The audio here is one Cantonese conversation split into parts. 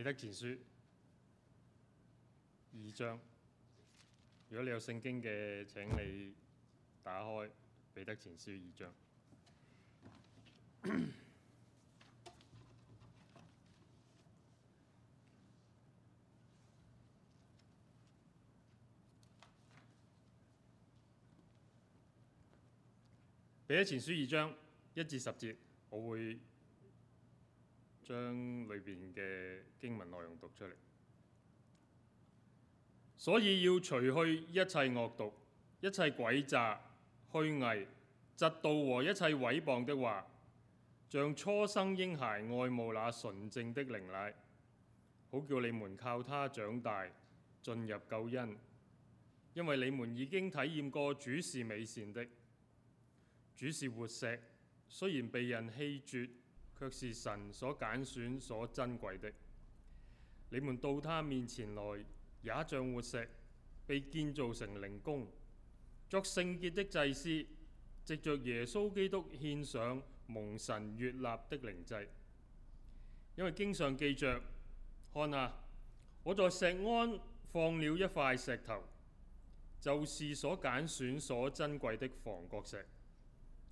彼得前書二章，如果你有聖經嘅，請你打開彼得前書二章。彼 得前書二章一至十節，我會將裏邊嘅經文內容讀出嚟。所以要除去一切惡毒、一切詭詐、虛偽、嫉妒和一切毀謗的話，像初生嬰孩愛慕那純淨的靈奶，好叫你們靠他長大，進入救恩。因為你們已經體驗過主是美善的，主是活石，雖然被人棄絕。卻是神所揀選、所珍貴的。你們到他面前來，也像活石被建造成靈宮，作聖潔的祭司，藉着耶穌基督獻上蒙神悦納的靈祭。因為經上記着：「看啊，我在錫安放了一塊石頭，就是所揀選、所珍貴的房角石」。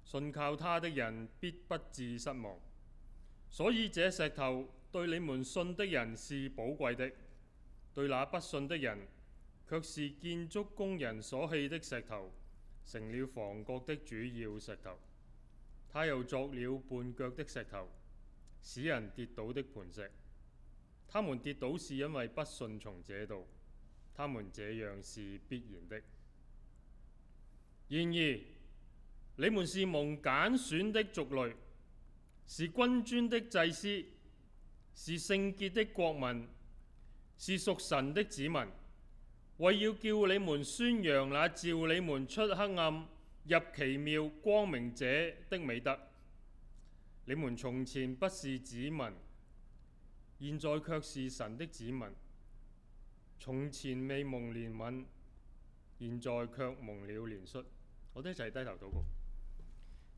信靠他的人必不致失望。所以這石頭對你們信的人是寶貴的，對那不信的人卻是建築工人所棄的石頭，成了房角的主要石頭。他又作了絆腳的石頭，使人跌倒的磐石。他們跌倒是因為不順從這道。他們這樣是必然的。然而你們是蒙揀選的族類。是君尊的祭司，是聖潔的國民，是屬神的子民，為要叫你們宣揚那召你們出黑暗入奇妙光明者的美德。你們從前不是子民，現在卻是神的子民。從前未蒙憐憫，現在卻蒙了憐恤。我哋一齊低頭禱告。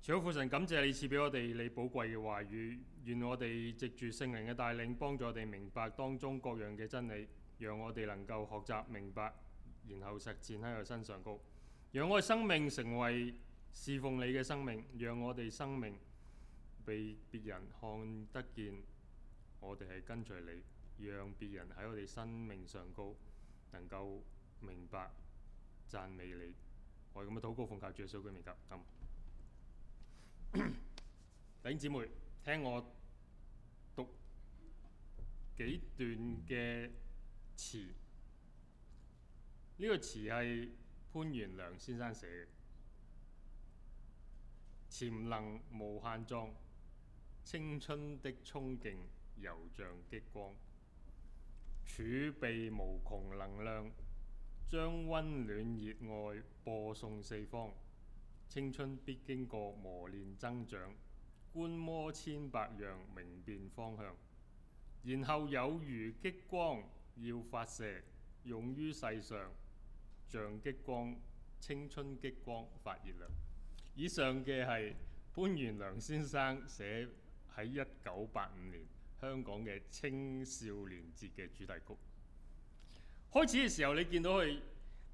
除咗父神，感謝你賜俾我哋你寶貴嘅話語，願我哋藉住聖靈嘅帶領，幫助我哋明白當中各樣嘅真理，讓我哋能夠學習明白，然後實踐喺我身上高，讓我哋生命成為侍奉你嘅生命，讓我哋生命被別人看得見，我哋係跟隨你，讓別人喺我哋生命上高能夠明白讚美你，我咁樣禱告奉靠主耶穌嘅名咁。弟兄姊妹，聽我讀幾段嘅詞。呢、這個詞係潘元良先生寫嘅。潛能無限壯，青春的衝勁猶像激光，儲備無窮能量，將温暖熱愛播送四方。青春必經過磨練增長，觀摩千百樣，明辨方向。然後有如激光要發射，用於世上，像激光，青春激光發熱量。以上嘅係潘元良先生寫喺一九八五年香港嘅青少年節嘅主題曲。開始嘅時候，你見到佢。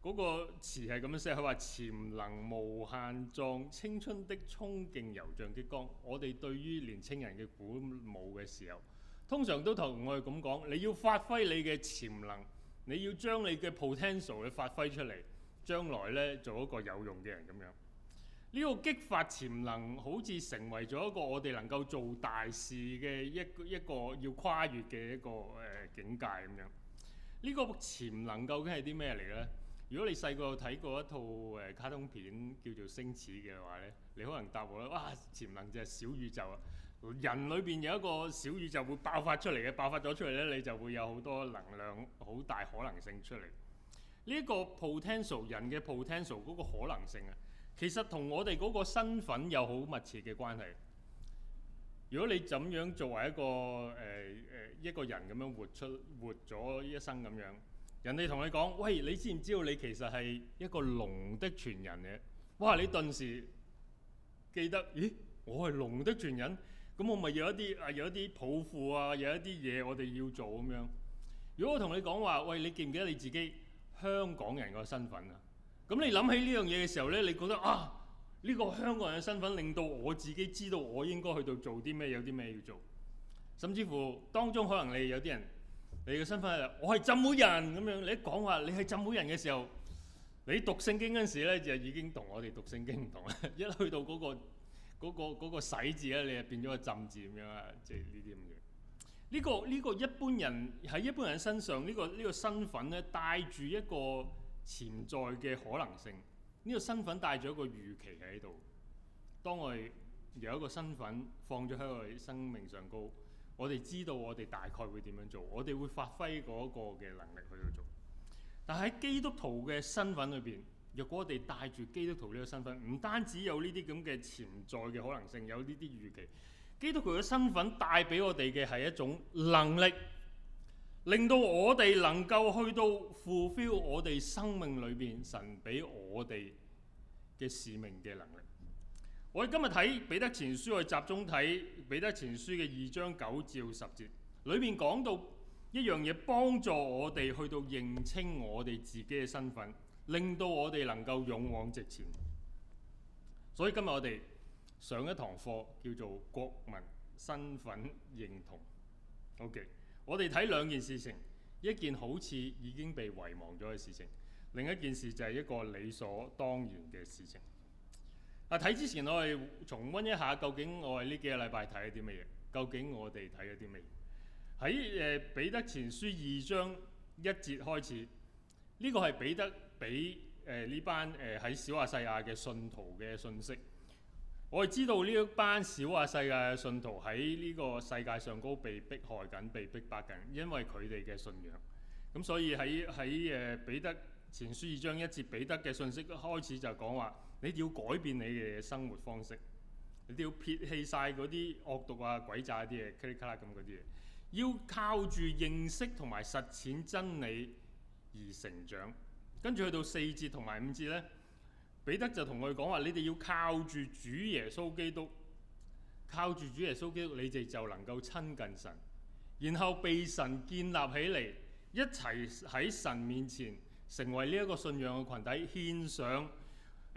嗰個詞係咁樣寫，佢話潛能無限壯，青春的衝勁猶像激光。我哋對於年青人嘅鼓舞嘅時候，通常都同我哋咁講，你要發揮你嘅潛能，你要將你嘅 potential 去發揮出嚟，將來呢做一個有用嘅人咁樣。呢個激發潛能好似成為咗一個我哋能夠做大事嘅一一個要跨越嘅一個誒境界咁樣。呢個潛能究竟係啲咩嚟呢？如果你細個睇過一套誒卡通片叫做《星矢》嘅話呢，你可能答我咧，哇！潛能就係小宇宙啊，人裏邊有一個小宇宙會爆發出嚟嘅，爆發咗出嚟呢，你就會有好多能量，好大可能性出嚟。呢一個 potential 人嘅 potential 嗰個可能性啊，其實同我哋嗰個身份有好密切嘅關係。如果你怎樣作為一個誒誒、呃、一個人咁樣活出活咗一生咁樣。人哋同你講，喂，你知唔知道你其實係一個龍的傳人嘅？哇！你頓時記得，咦？我係龍的傳人，咁我咪有一啲啊，有一啲抱負啊，有一啲嘢我哋要做咁樣。如果我同你講話，喂，你記唔記得你自己香港人個身份啊？咁你諗起呢樣嘢嘅時候呢，你覺得啊，呢個香港人嘅身份令到我自己知道我應該去到做啲咩，有啲咩要做。甚至乎當中可能你有啲人。你嘅身份係我係浸會人咁樣，你一講話你係浸會人嘅時候，你讀聖經嗰陣時咧就已經同我哋讀聖經唔同啦。一去到嗰個嗰個嗰個洗字咧，你就變咗個浸字咁樣啦。即係呢啲咁嘅。呢個呢個一般人，喺一般人身上，呢個呢個身份咧帶住一個潛在嘅可能性，呢個身份帶住一個預期喺度。當我哋有一個身份放咗喺我哋生命上高。我哋知道我哋大概會點樣做，我哋會發揮嗰個嘅能力去做。但喺基督徒嘅身份裏邊，若果我哋帶住基督徒呢個身份，唔單止有呢啲咁嘅潛在嘅可能性，有呢啲預期。基督徒嘅身份帶俾我哋嘅係一種能力，令到我哋能夠去到 fulfill 我哋生命裏邊神俾我哋嘅使命嘅能力。我哋今日睇《彼得前書》，去集中睇《彼得前書》嘅二章九至十節，裏面講到一樣嘢，幫助我哋去到認清我哋自己嘅身份，令到我哋能夠勇往直前。所以今日我哋上一堂課叫做《國民身份認同》。OK，我哋睇兩件事情，一件好似已經被遺忘咗嘅事情，另一件事就係一個理所當然嘅事情。啊！睇之前我哋重温一下，究竟我哋呢幾個禮拜睇咗啲乜嘢？究竟我哋睇咗啲乜嘢？喺誒彼得前書二章一節開始，呢個係彼得俾誒呢班誒喺小亞細亞嘅信徒嘅信息。我哋知道呢一班小亞細亞嘅信徒喺呢個世界上高被迫害緊、被迫迫緊，因為佢哋嘅信仰。咁所以喺喺誒彼得前書二章一節彼得嘅信息開始就講話。你要改變你嘅生活方式，你都要撇棄晒嗰啲惡毒啊、鬼詐啲嘢，噼哩卡啦咁嗰啲嘢，要靠住認識同埋實踐真理而成長。跟住去到四節同埋五節咧，彼得就同佢講話：你哋要靠住主耶穌基督，靠住主耶穌基督，你哋就能夠親近神，然後被神建立起嚟，一齊喺神面前成為呢一個信仰嘅群體，獻上。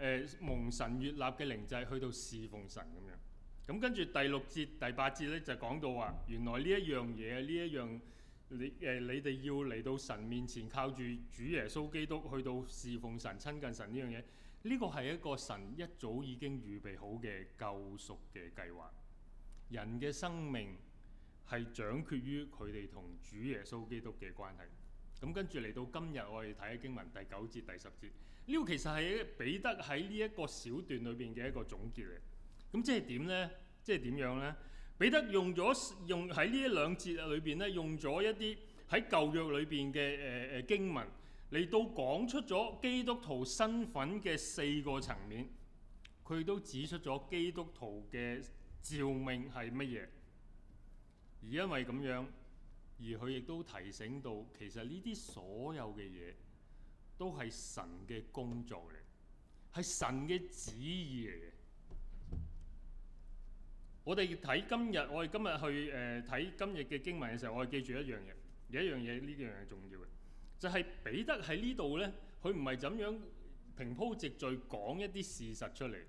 誒、呃、蒙神悅納嘅靈祭去到侍奉神咁樣，咁跟住第六節第八節咧就講到話，原來呢一樣嘢，呢一樣你誒、呃、你哋要嚟到神面前靠住主耶穌基督去到侍奉神親近神呢樣嘢，呢個係一個神一早已經預備好嘅救贖嘅計劃。人嘅生命係掌決於佢哋同主耶穌基督嘅關係。咁跟住嚟到今日，我哋睇下經文第九節第十節。呢個其實係彼得喺呢一個小段裏邊嘅一個總結嚟，咁即係點呢？即係點樣呢？彼得用咗用喺呢一兩節裏邊咧，用咗一啲喺舊約裏邊嘅誒誒經文嚟到講出咗基督徒身份嘅四個層面，佢都指出咗基督徒嘅召命係乜嘢，而因為咁樣，而佢亦都提醒到其實呢啲所有嘅嘢。都係神嘅工作嚟，係神嘅旨意嚟嘅。我哋睇今日，我哋今、呃、今日去誒睇今日嘅經文嘅時候，我哋記住一樣嘢，有一樣嘢呢樣嘢重要嘅，就係、是、彼得喺呢度呢，佢唔係咁樣平鋪直敍講一啲事實出嚟。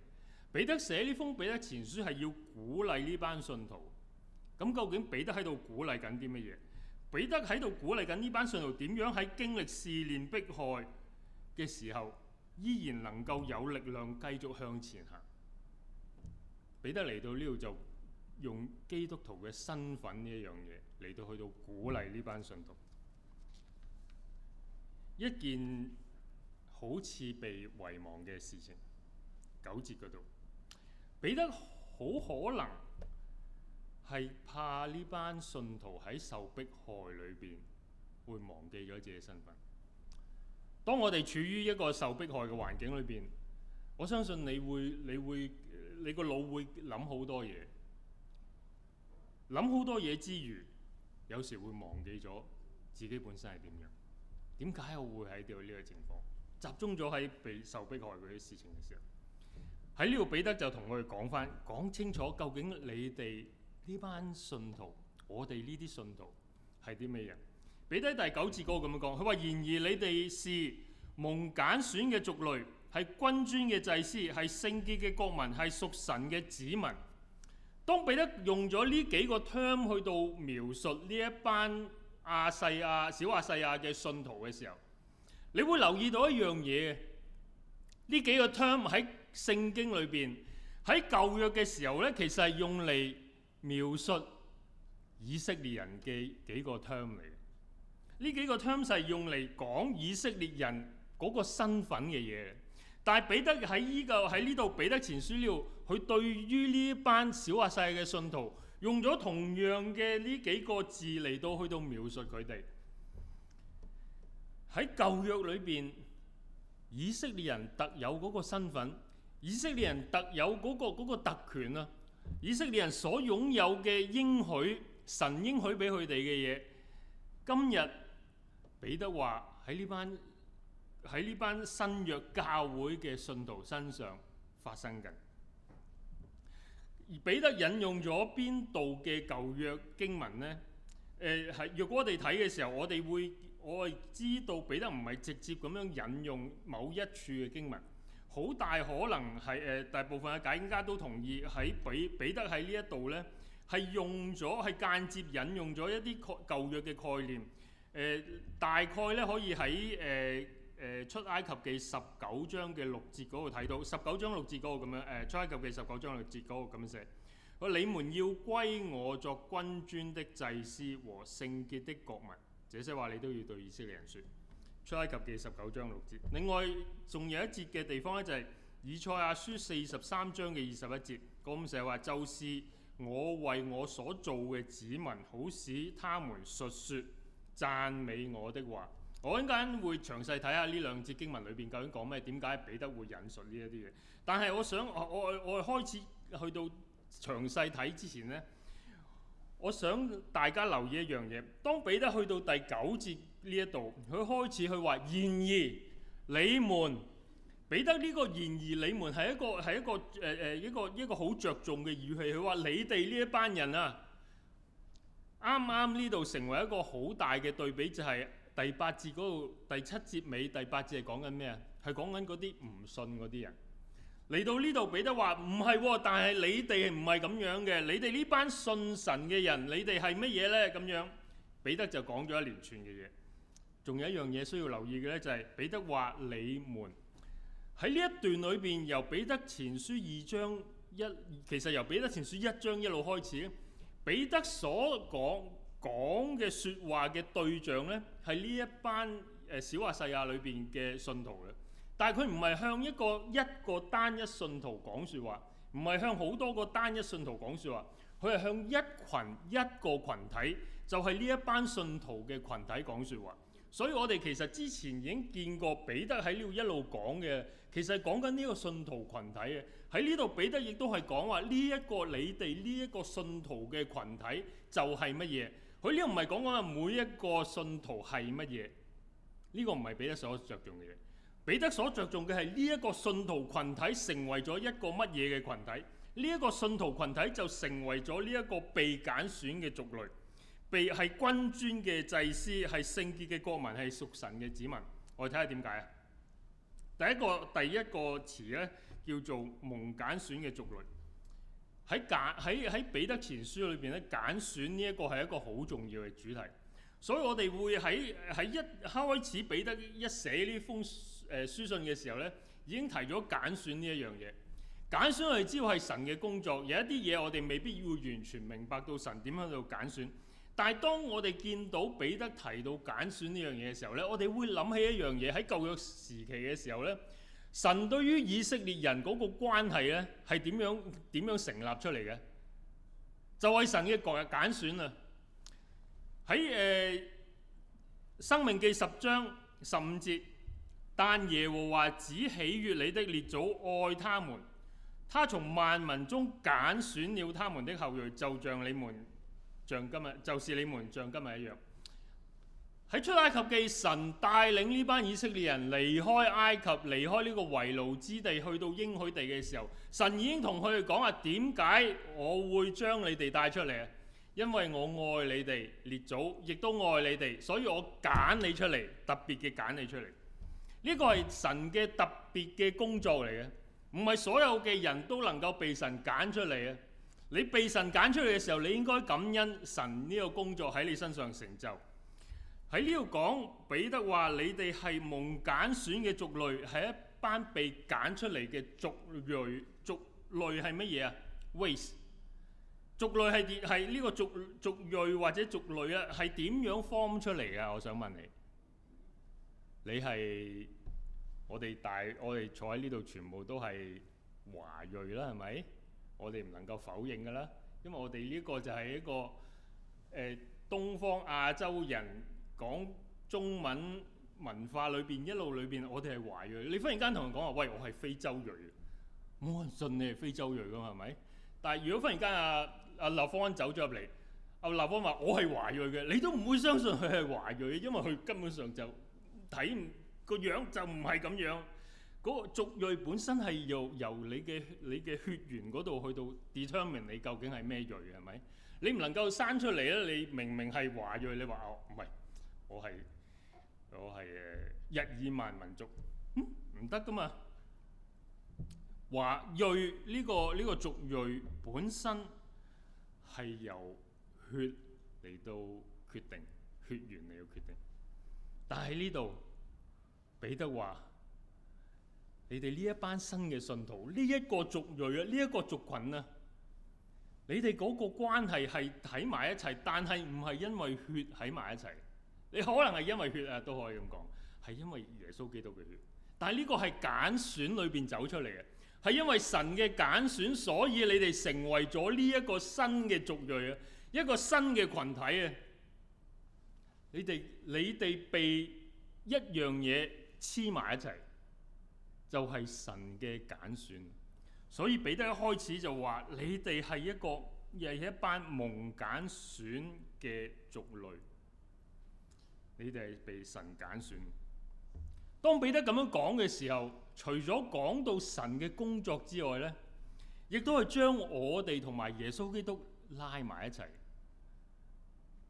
彼得寫呢封彼得前書係要鼓勵呢班信徒。咁究竟彼得喺度鼓勵緊啲乜嘢？彼得喺度鼓勵緊呢班信徒點樣喺經歷試煉迫害嘅時候，依然能夠有力量繼續向前行。彼得嚟到呢度就用基督徒嘅身份呢一樣嘢嚟到去到鼓勵呢班信徒，一件好似被遺忘嘅事情。九節嗰度，彼得好可能係怕呢班信徒喺受迫害裏邊會忘記咗自己的身份。當我哋處於一個受迫害嘅環境裏邊，我相信你會你會你個腦會諗好多嘢，諗好多嘢之餘，有時會忘記咗自己本身係點樣。點解我會喺度呢個情況集中咗喺被受迫害嗰啲事情嘅時候？喺呢度彼得就同我哋講翻，講清楚究竟你哋呢班信徒，我哋呢啲信徒係啲咩人？彼得第九節歌咁樣講，佢話：然而你哋是蒙揀選嘅族類，係君尊嘅祭司，係聖潔嘅國民，係屬神嘅子民。當彼得用咗呢幾個 term 去到描述呢一班亞細亞小亞細亞嘅信徒嘅時候，你會留意到一樣嘢。呢幾個 term 喺聖經裏邊喺舊約嘅時候呢，其實係用嚟描述以色列人嘅幾個 term 嚟。呢幾個 terms 用嚟講以色列人嗰個身份嘅嘢，但係彼得喺依個喺呢度彼得前書呢度，佢對於呢班小亞細亞嘅信徒，用咗同樣嘅呢幾個字嚟到去到描述佢哋喺舊約裏邊以色列人特有嗰個身份，以色列人特有嗰個嗰個特權啊，以色列人所擁有嘅應許，神應許俾佢哋嘅嘢，今日。彼得話喺呢班喺呢班新約教會嘅信徒身上發生緊。而彼得引用咗邊度嘅舊約經文呢？誒、呃、係，若果我哋睇嘅時候，我哋會我係知道彼得唔係直接咁樣引用某一處嘅經文，好大可能係誒、呃、大部分嘅解經家都同意喺彼彼得喺呢一度呢，係用咗係間接引用咗一啲舊約嘅概念。誒、呃、大概咧可以喺誒誒出埃及記十九章嘅六節嗰度睇到，十九章六節嗰個咁樣誒出埃及記十九章六節嗰個咁樣寫。我你們要歸我作君尊的祭司和聖潔的國民，這些話你都要對以色列人説。出埃及記十九章六節。另外仲有一節嘅地方咧就係、是、以賽亞書四十三章嘅二十一節，嗰個寫話就是我為我所做嘅子民，好使他們述説讚美我的話，我陣間會詳細睇下呢兩節經文裏邊究竟講咩？點解彼得會引述呢一啲嘢？但係我想我我我開始去到詳細睇之前呢，我想大家留意一樣嘢。當彼得去到第九節呢一度，佢開始去話然而你們，彼得呢個然而你們係一個係一個誒誒、呃、一個一個好着重嘅語氣。佢話你哋呢一班人啊！啱啱呢度成為一個好大嘅對比，就係、是、第八節嗰度、第七節尾、第八節係講緊咩啊？係講緊嗰啲唔信嗰啲人嚟到呢度，彼得話唔係，但係你哋唔係咁樣嘅，你哋呢班信神嘅人，你哋係乜嘢呢？咁樣彼得就講咗一連串嘅嘢。仲有一樣嘢需要留意嘅呢，就係、是、彼得話你們喺呢一段裏邊，由彼得前書二章一，其實由彼得前書一章一路開始。彼得所講講嘅説話嘅對象呢，係呢一班誒、呃、小亞細亞裏邊嘅信徒嘅，但係佢唔係向一個一個單一信徒講説話，唔係向好多個單一信徒講説話，佢係向一群一個群體，就係、是、呢一班信徒嘅群體講説話。所以我哋其實之前已經見過彼得喺呢度一路講嘅。其實講緊呢個信徒群體嘅喺呢度，彼得亦都係講話呢一個你哋呢一個信徒嘅群體就係乜嘢？佢呢個唔係講緊啊每一個信徒係乜嘢？呢、這個唔係彼得所着重嘅嘢。彼得所着重嘅係呢一個信徒群體成為咗一個乜嘢嘅群體？呢、這、一個信徒群體就成為咗呢一個被揀選嘅族類，被係君尊嘅祭司，係聖潔嘅國民，係屬神嘅子民。我哋睇下點解啊？第一個，第一個詞咧，叫做蒙揀選嘅族類。喺揀喺喺彼得前書裏邊咧，揀選呢一個係一個好重要嘅主題，所以我哋會喺、喺一開始彼得一寫呢封誒書信嘅時候咧，已經提咗揀選呢一樣嘢。揀選我哋知道係神嘅工作，有一啲嘢我哋未必要完全明白到神點樣做揀選。但係當我哋見到彼得提到揀選呢樣嘢嘅時候呢，我哋會諗起一樣嘢，喺舊約時期嘅時候呢，神對於以色列人嗰個關係呢係點樣點樣成立出嚟嘅？就係、是、神嘅國嘅「揀選」啊！喺、呃、誒《生命記》十章十五節，但耶和華只喜悦你的列祖，愛他們，他從萬民中揀選了他們的後裔，就像你們。像今日就是你們像今日一樣，喺出埃及記，神帶領呢班以色列人離開埃及，離開呢個為奴之地，去到應許地嘅時候，神已經同佢哋講話：點解我會將你哋帶出嚟啊？因為我愛你哋列祖，亦都愛你哋，所以我揀你出嚟，特別嘅揀你出嚟。呢、呢個係神嘅特別嘅工作嚟嘅，唔係所有嘅人都能夠被神揀出嚟啊！你被神揀出嚟嘅時候，你應該感恩神呢個工作喺你身上成就。喺呢度講彼得話你哋係蒙揀選嘅族類，係一班被揀出嚟嘅族類。族類係乜嘢啊？Waste。族類係係呢個族族類或者族類啊？係點樣 form 出嚟噶？我想問你。你係我哋大我哋坐喺呢度全部都係華裔啦，係咪？我哋唔能夠否認㗎啦，因為我哋呢個就係一個誒東方亞洲人講中文文化裏邊一路裏邊，我哋係華裔。你忽然間同人講話，喂，我係非洲裔，冇人信你係非洲裔㗎嘛？係咪？但係如果忽然間阿阿劉芳走咗入嚟，阿劉芳話我係華裔嘅，你都唔會相信佢係華裔，因為佢根本上就睇唔個樣就唔係咁樣。嗰個族裔本身係由由你嘅你嘅血緣嗰度去到 determine 你究竟係咩裔嘅，係咪？你唔能夠生出嚟咧？你明明係華裔，你話哦，唔係，我係我係誒日耳曼民族，嗯，唔得㗎嘛？華裔呢個呢個族裔本身係由血嚟到決定，血緣嚟到決定，但係呢度彼得話。你哋呢一班新嘅信徒，呢一個族裔啊，呢一個族群啊，你哋嗰個關係係喺埋一齊，但係唔係因為血喺埋一齊，你可能係因為血啊，都可以咁講，係因為耶穌基督嘅血。但係呢個係揀選裏邊走出嚟嘅，係因為神嘅揀選，所以你哋成為咗呢一個新嘅族裔啊，一個新嘅群體啊。你哋，你哋被一樣嘢黐埋一齊。就係、是、神嘅揀選，所以彼得一開始就話：你哋係一個，係一班蒙揀選嘅族類，你哋係被神揀選。當彼得咁樣講嘅時候，除咗講到神嘅工作之外呢，亦都係將我哋同埋耶穌基督拉埋一齊。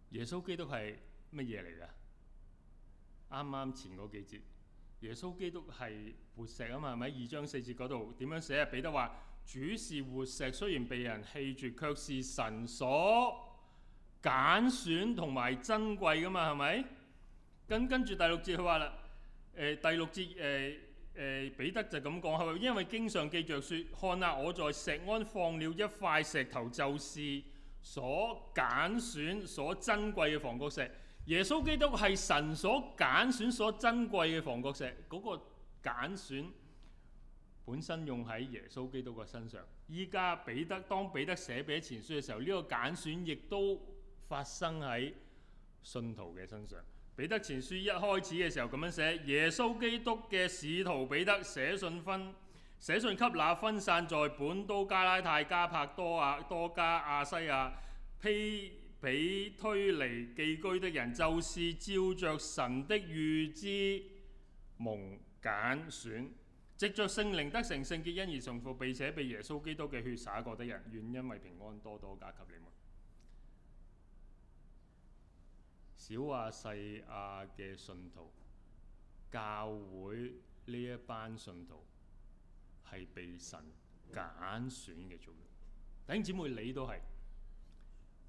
耶穌基督係乜嘢嚟㗎？啱啱前嗰幾節。耶穌基督係活石啊嘛，係咪？二章四節嗰度點樣寫啊？彼得話：主是活石，雖然被人棄絕，卻是神所揀選同埋珍貴噶嘛，係咪？跟跟住第六節佢話啦：誒、呃、第六節誒誒、呃呃、彼得就咁講，係咪？因為經常記着説：看啊，我在石安放了一塊石頭，就是所揀選、所珍貴嘅房角石。耶穌基督係神所揀選、所珍貴嘅防國石，嗰、那個揀選本身用喺耶穌基督嘅身上。依家彼得當彼得寫俾前書嘅時候，呢、這個揀選亦都發生喺信徒嘅身上。彼得前書一開始嘅時候咁樣寫：耶穌基督嘅使徒彼得寫信分寫信給那分散在本都、加拉太、加柏多亞、多加亞西亞、亞西亞、披。被推離寄居的人，就是照着神的預知蒙揀選，藉着聖靈得成聖潔，因而重復並且，被耶穌基督嘅血灑過的人，願因為平安多多加給你們。小亞細亞嘅信徒教會，呢一班信徒係被神揀選嘅族人，弟兄姊妹，你都係。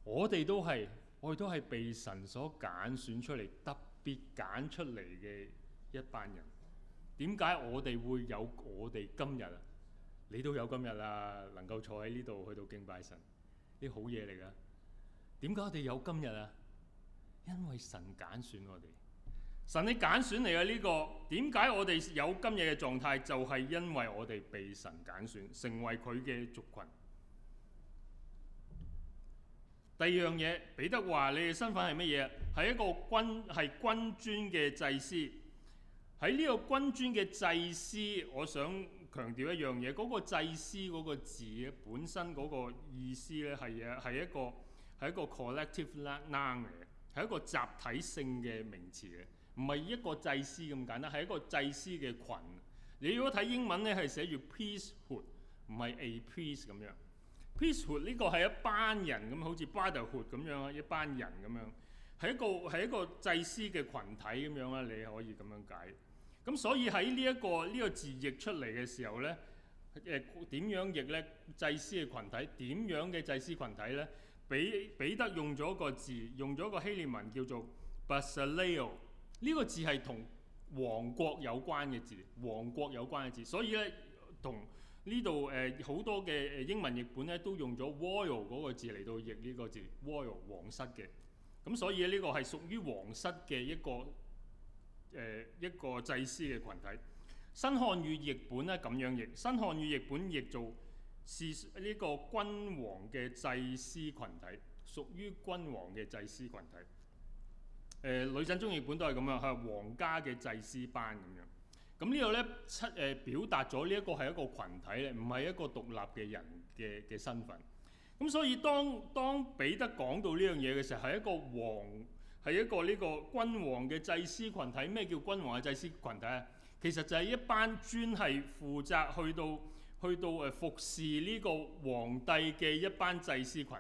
我哋都係，我哋都係被神所揀選，選出嚟，特別揀出嚟嘅一班人。點解我哋會有我哋今日啊？你都有今日啦、啊，能夠坐喺呢度去到敬拜神，啲好嘢嚟㗎。點解我哋有今日啊？因為神揀選我哋，神你揀選嚟嘅呢個。點解我哋有今日嘅狀態？就係、是、因為我哋被神揀選，選，成為佢嘅族群。第二樣嘢，彼得話：你嘅身份係乜嘢？係一個君係君尊嘅祭司。喺呢個君尊嘅祭司，我想強調一樣嘢。嗰、嗰個祭司嗰個字本身嗰個意思咧，係啊，係一個係一個 collective noun 嘅，係一個集體性嘅名詞嘅，唔係一個祭司咁簡單，係一個祭司嘅群。你如果睇英文咧，係寫住 priesthood，唔係 a priest 咁樣。Peacehood 呢個係一班人咁，好似 brotherhood 咁樣啊，一班人咁樣，係一個係一個祭司嘅群體咁樣啊，你可以咁樣解。咁所以喺呢一個呢、這個字譯出嚟嘅時候咧，誒、呃、點樣譯咧？祭司嘅群體，點樣嘅祭司群體咧？比彼得用咗個字，用咗個希臘文叫做 basileio，呢個字係同王國有關嘅字，王國有關嘅字，所以咧同。呢度誒好多嘅英文譯本咧，都用咗 Royal 嗰個字嚟到譯呢個字，Royal 皇室嘅，咁所以呢個係屬於皇室嘅一個誒、呃、一個祭司嘅群體。新漢語譯本咧咁樣譯，新漢語譯本譯做是呢個君王嘅祭司群體，屬於君王嘅祭司群體。誒、呃，呂振中譯本都係咁樣，係皇家嘅祭司班咁樣。咁呢度咧，七、呃、誒表達咗呢一個係一個群體咧，唔係一個獨立嘅人嘅嘅身份。咁所以當當彼得講到呢樣嘢嘅時候，係一個王，係一個呢個君王嘅祭司群體。咩叫君王嘅祭司群體啊？其實就係一班專係負責去到去到誒服侍呢個皇帝嘅一班祭司群，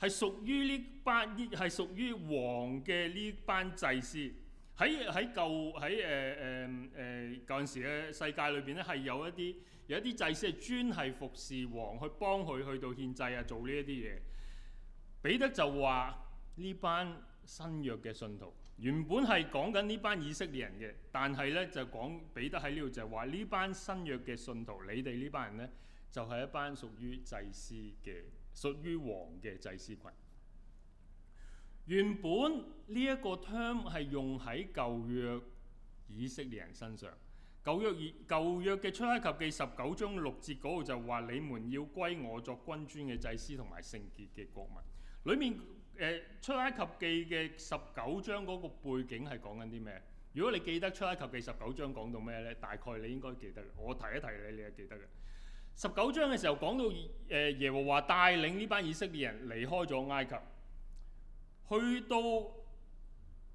係屬於呢班，係屬於王嘅呢班祭司。喺喺舊喺誒誒誒嗰陣時咧，世界裏邊咧，係有一啲有一啲祭司係專係服侍王，去幫佢去到獻祭啊做呢一啲嘢。彼得就話呢班新約嘅信徒，原本係講緊呢班以色列人嘅，但係咧，就講彼得喺呢度就係話呢班新約嘅信徒，你哋呢班人咧就係、是、一班屬於祭司嘅屬於王嘅祭司群。原本呢一個 term 係用喺舊約以色列人身上。舊約以舊約嘅出埃及記十九章六節嗰度就話你們要歸我作君尊嘅祭司同埋聖潔嘅國民。裡面誒、呃、出埃及記嘅十九章嗰個背景係講緊啲咩？如果你記得出埃及記十九章講到咩呢？大概你應該記得嘅。我提一提你，你就記得嘅。十九章嘅時候講到、呃、耶和華帶領呢班以色列人離開咗埃及。去到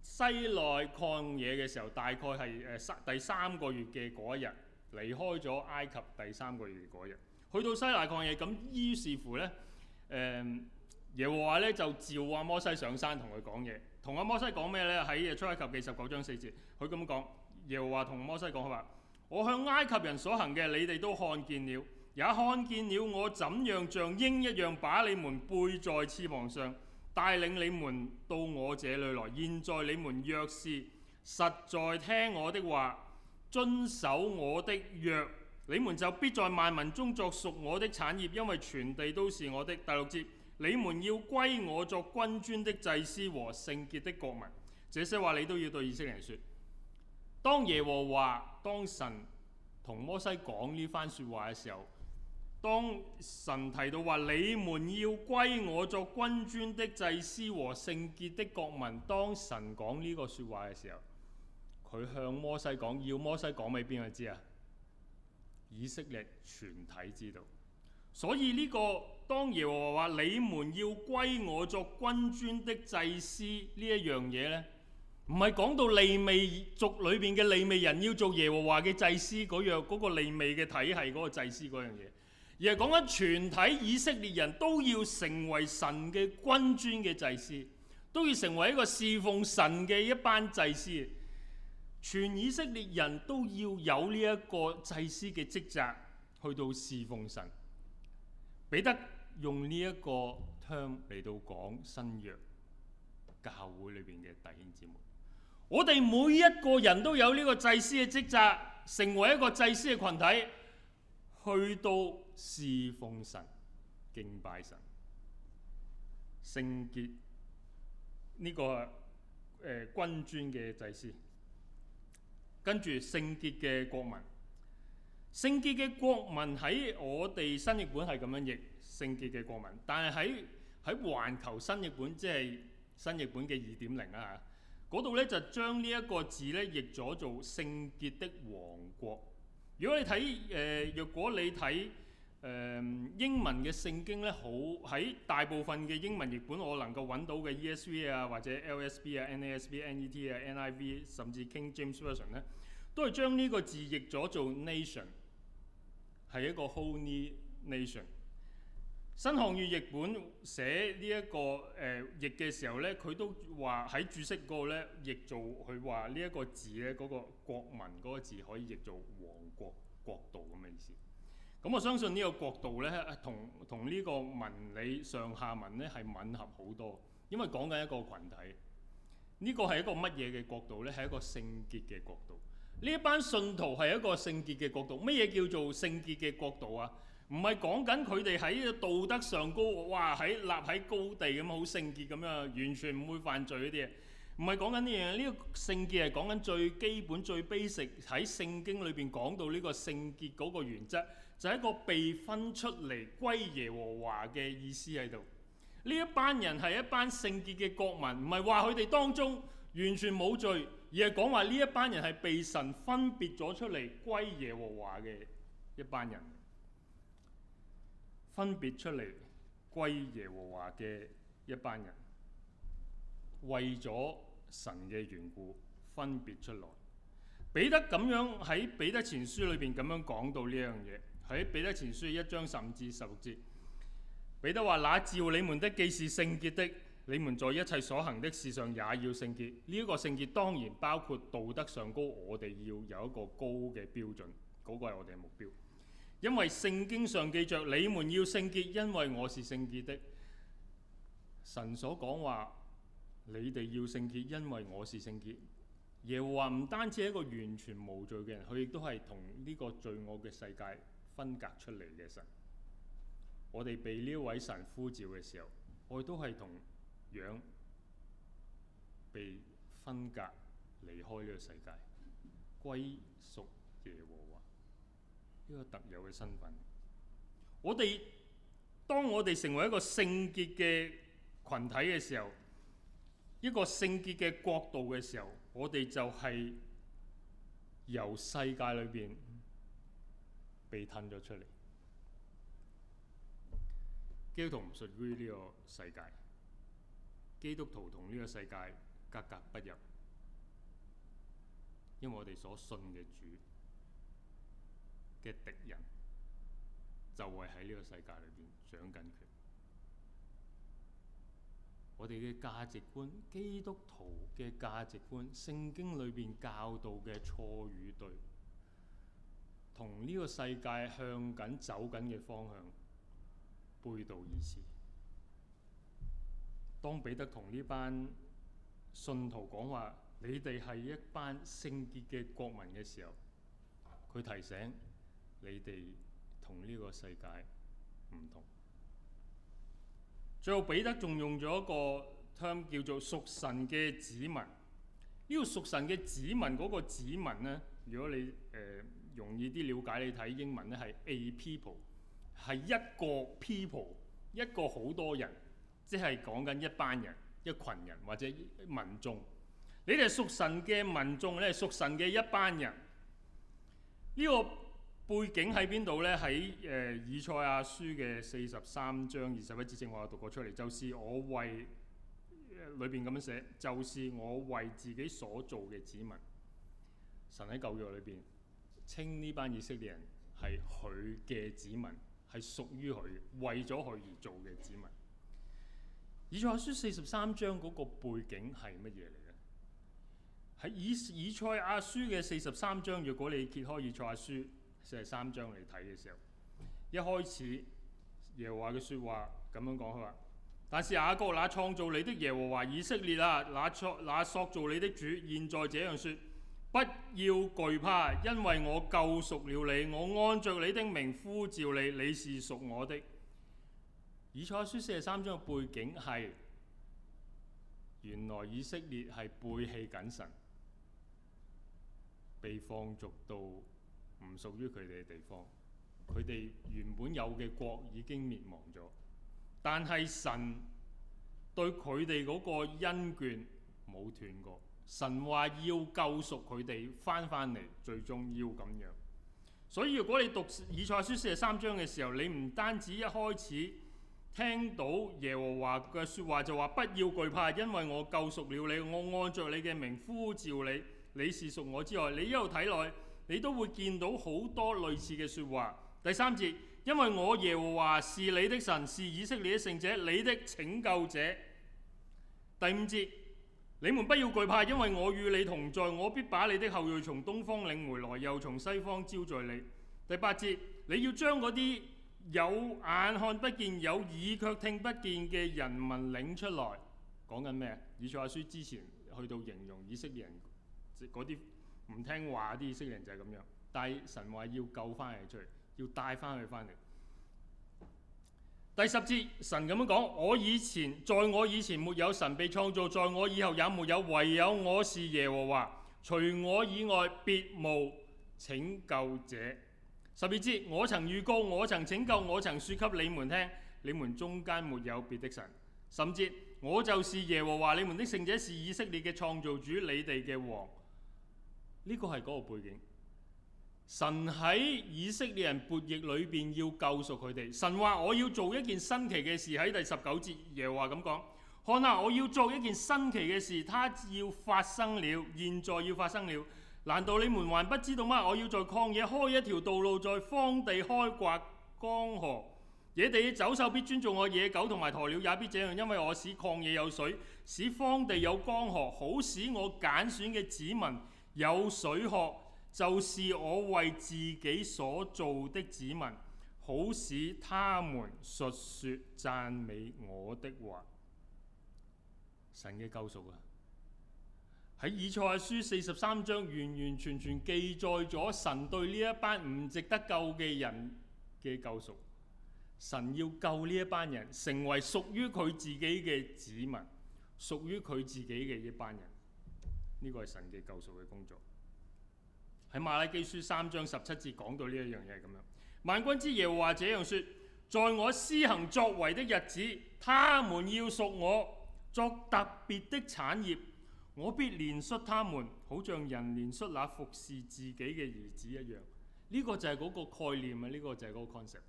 西奈曠野嘅時候，大概係誒三第三個月嘅嗰一日離開咗埃及，第三個月嘅嗰日，去到西奈曠野，咁於是乎呢，誒、嗯、耶和華呢就召阿摩西上山同佢講嘢，同阿摩西講咩呢？喺《出埃及記》十九章四節，佢咁講：耶和華同摩西講：佢話我向埃及人所行嘅，你哋都看見了，也看見了我怎樣像鷹一樣把你們背在翅膀上。帶領你們到我這裏來。現在你們若是實在聽我的話，遵守我的約，你們就必在萬民中作屬我的產業，因為全地都是我的。第六節，你們要歸我作君尊的祭司和聖潔的國民。這些話你都要對以色列人說。當耶和華，當神同摩西講呢番說話嘅時候。當神提到話你們要歸我作君尊的祭司和聖潔的國民，當神講呢個說話嘅時候，佢向摩西講，要摩西講俾邊個知啊？以色列全體知道。所以呢個當耶和華話你們要歸我作君尊的祭司呢一樣嘢呢，唔係講到利未族裏邊嘅利未人要做耶和華嘅祭司嗰樣嗰個利未嘅體系嗰個祭司嗰樣嘢。而係講緊全體以色列人都要成為神嘅君尊嘅祭司，都要成為一個侍奉神嘅一班祭司。全以色列人都要有呢一個祭司嘅職責，去到侍奉神。彼得用呢一個 term 嚟到講新約教會裏邊嘅弟兄姊妹，我哋每一個人都有呢個祭司嘅職責，成為一個祭司嘅群體。去到侍奉神、敬拜神、聖潔呢、這個誒、呃、君尊嘅祭司，跟住聖潔嘅國民，聖潔嘅國民喺我哋新譯本係咁樣譯聖潔嘅國民，但係喺喺環球新譯本即係、就是、新譯本嘅二點零啊。嗰度咧就將呢一個字咧譯咗做聖潔的王國。如果你睇誒，若、呃、果你睇誒、呃、英文嘅聖經咧，好喺大部分嘅英文譯本，我能夠揾到嘅 ESV 啊、或者 LSB 啊、NASB、NET 啊、NIV 甚至 King James Version 咧，都係將呢個字譯咗做 nation，係一個 holy nation。新漢語譯本寫呢一個誒譯嘅時候呢，佢都話喺注釋過咧，譯做佢話呢一個字呢嗰、嗰個國民嗰個字可以譯做王國、國度咁嘅意思。咁、嗯、我相信呢個國度呢同，同呢個文理上下文呢係吻合好多，因為講緊一個群體。呢個係一個乜嘢嘅國度呢？係一個聖潔嘅國度。呢一班信徒係一個聖潔嘅國度。乜嘢叫做聖潔嘅國度啊？唔係講緊佢哋喺呢個道德上高哇，喺立喺高地咁好聖潔咁樣，完全唔會犯罪嗰啲啊。唔係講緊呢樣，呢、呢個聖潔係講緊最基本最 basic，喺聖經裏邊講到呢個聖潔嗰個原則，就係一個被分出嚟歸耶和華嘅意思喺度。呢一班人係一班聖潔嘅國民，唔係話佢哋當中完全冇罪，而係講話呢一班人係被神分別咗出嚟歸耶和華嘅一班人。分別出嚟歸耶和華嘅一班人，為咗神嘅緣故分別出來。彼得咁樣喺彼得前書裏邊咁樣講到呢樣嘢，喺彼得前書一章十五至十六節，彼得話：那召你們的既是聖潔的，你們在一切所行的事上也要聖潔。呢、這、一個聖潔當然包括道德上高，我哋要有一個高嘅標準，嗰、那個係我哋嘅目標。因為聖經上記着你們要聖潔，因為我是聖潔的。神所講話，你哋要聖潔，因為我是聖潔。耶和華唔單止係一個完全無罪嘅人，佢亦都係同呢個罪惡嘅世界分隔出嚟嘅神。我哋被呢位神呼召嘅時候，我哋都係同樣被分隔離開呢個世界，歸屬耶和華。呢、這個特有嘅身份，我哋當我哋成為一個聖潔嘅群體嘅時候，一個聖潔嘅國度嘅時候，我哋就係由世界裏邊被吞咗出嚟。基督徒唔屬於呢個世界，基督徒同呢個世界格格不入，因為我哋所信嘅主。嘅敵人就係喺呢個世界裏邊掌緊佢。我哋嘅價值觀、基督徒嘅價值觀、聖經裏邊教導嘅錯與對，同呢個世界向緊走緊嘅方向背道而馳。當彼得同呢班信徒講話：你哋係一班聖潔嘅國民嘅時候，佢提醒。你哋同呢個世界唔同。最後彼得仲用咗一個 term 叫做屬神嘅子民。呢個屬神嘅子民嗰個子民咧，如果你誒、呃、容易啲了解，你睇英文呢係 a people，係一個 people，一個好多人，即係講緊一班人、一群人或者民眾。你哋係屬神嘅民眾咧，屬神嘅一班人。呢、這個背景喺邊度呢？喺誒以賽亞書嘅四十三章二十一節，正話有讀過出嚟，就是我為誒裏邊咁樣寫，就是我為自己所做嘅子民。神喺舊約裏邊稱呢班以色列人係佢嘅子民，係屬於佢，為咗佢而做嘅子民。以賽亞書四十三章嗰個背景係乜嘢嚟嘅？喺以以賽亞書嘅四十三章，若果你揭開以賽亞書。四十三章嚟睇嘅時候，一開始耶和華嘅說話咁樣講，佢話：但是雅各，那創造你的耶和華以色列啊，那創那塑造你的主，現在這樣說，不要懼怕，因為我救贖了你，我按着你的名呼召你，你是屬我的。以賽書四十三章嘅背景係，原來以色列係背棄緊神，被放逐到唔屬於佢哋嘅地方，佢哋原本有嘅國已經滅亡咗。但係神對佢哋嗰個恩眷冇斷過。神話要救贖佢哋返返嚟，最終要咁樣。所以如果你讀以賽亞書四十三章嘅時候，你唔單止一開始聽到耶和華嘅説話就話不要懼怕，因為我救贖了你，我按着你嘅名呼召你，你是屬我之外，你一路睇落你都會見到好多類似嘅説話。第三節，因為我耶和華是你的神，是以色列的聖者，你的拯救者。第五節，你們不要懼怕，因為我與你同在，我必把你的後裔從東方領回來，又從西方招聚你。第八節，你要將嗰啲有眼看不見、有耳卻聽不見嘅人民領出來。講緊咩？以賽亞書之前去到形容以色列人嗰啲。唔聽話啲以色列人就係咁樣，但係神話要救翻佢出嚟，要帶翻佢翻嚟。第十節，神咁樣講：我以前在我以前沒有神被創造，在我以後也沒有，唯有我是耶和華，除我以外別無拯救者。十二節，我曾預告，我曾拯救，我曾說給你們聽，你們中間沒有別的神。甚至我就是耶和華，你們的聖者是以色列嘅創造主，你哋嘅王。呢、這個係嗰個背景。神喺以色列人撥役裏邊要救贖佢哋。神話我要做一件新奇嘅事，喺第十九節，耶華咁講：看哪，我要做一件新奇嘅事，它要發生了，現在要發生了。難道你們還不知道嗎？我要在曠野開一條道路，在荒地開掘江河。野地走獸必尊重我，野狗同埋鴕鳥也必這樣，因為我使曠野有水，使荒地有江河，好使我揀選嘅子民。有水喝，就是我為自己所做的子民，好使他們述說贊美我的話。神嘅救贖啊！喺以賽書四十三章完完全全記載咗神對呢一班唔值得救嘅人嘅救贖。神要救呢一班人成為屬於佢自己嘅子民，屬於佢自己嘅一班人。呢個係神嘅救贖嘅工作，喺馬拉基書三章十七節講到呢一樣嘢係咁樣。萬軍之耶和華這樣說：在我施行作為的日子，他們要屬我作特別的產業，我必憐恤他們，好像人憐恤那服侍自己嘅兒子一樣。呢個就係嗰個概念啊！呢個就係個 concept。